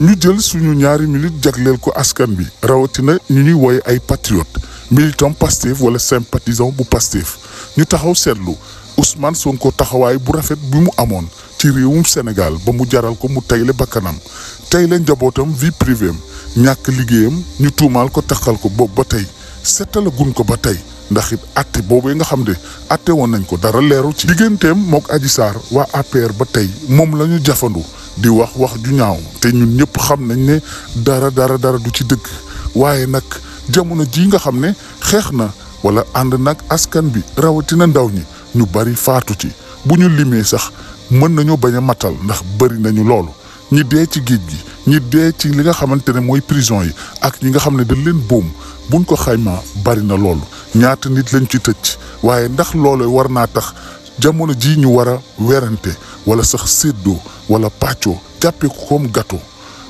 ñu jël suñu ñaari minutes jagleel ko askan bi rawatina ñu ñuy wooye ay patriote militant Pastef wala sympathisant bu Pastef ñu taxaw seetlu Ousmane Sonko taxawaay bu rafet bi mu amoon ci réewum Sénégal ba mu jaral ko mu tayle bakkanam tayle njabootam vie privée ñàkk liggéeyam ñu tuumaal ko taxal ko boobu ba tey seetalagun ko ba tey ndax it atte boobee nga xam ne atte woon nañ ko dara leeru ci digganteem mook Adji Sarr waa APR ba tey moom la ñu jafandu di wax wax ju ñaaw te ñun ñëpp xam nañ ne dara dara dara du ci dëgg waaye nag jamono ji nga xam ne xeex na wala ànd nag askan bi rawatina ndaw ñi ñu bari faatu ci bu ñu limee sax mën nañu bañ a matal ndax bari nañu loolu ñi dee ci géej gi ñi dee ci li nga xamante ne mooy prison yi ak ñi nga xam ne dañ leen buum buñ ko xaymaa bari na loolu ñaata nit lañ ci tëj waaye ndax loolu war naa tax jamono ji ñu war a werante wala sax séddoo wala pàccoo jàppee ko comme gâteau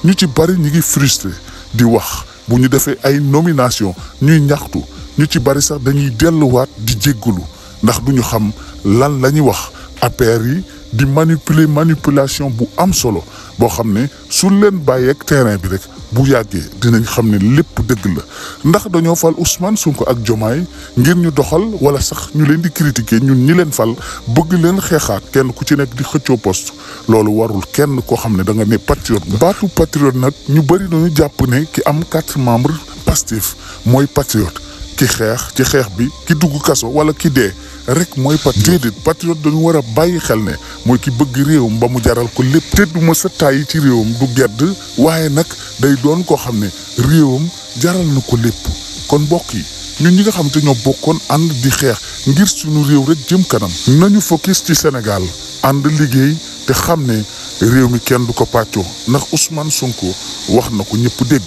ñu ci bari ñu ngi frustré di wax bu ñu defee ay nomination ñuy ñaxtu ñu ci bari sax dañuy delluwaat di jéggalu ndax du ñu xam lan la ñuy wax APR yi di manipuler manipulation bu am solo boo xam ne su leen bàyyeek terrain bi rek bu yàggee dinañ xam ne lépp dëgg la ndax dañoo fal Ousmane Sonko ak Jomaay ngir ñu doxal wala sax ñu leen di critiquer ñun ñi leen fal bëgg leen xeexaat kenn ku ci nekk di xëccoo post loolu warul kenn koo xam ne da nga ne patriote nga baatu patriote nag ñu bëri dañu jàpp ne ki am quatre membres Pastef mooy patriote ki xeex ci xeex bi ki dugg kaso wala ki dee rek mooy patriote déedéet patriote dañu war a bàyyi xel ne mooy ki bëgg réew ba mu jaral ko lépp te du ma sa tàyyi ci réewam du gedd waaye nag day doon koo xam ne réewam jaral na ko lépp kon mbokk yi ñun ñi nga xam te ñoo bokkoon ànd di xeex ngir suñu réew rek jëm kanam nañu focus ci senegal ànd liggéey te xam ne réew mi kenn du ko pàccoo ndax Ousmane Sonko wax na ko ñëpp dégg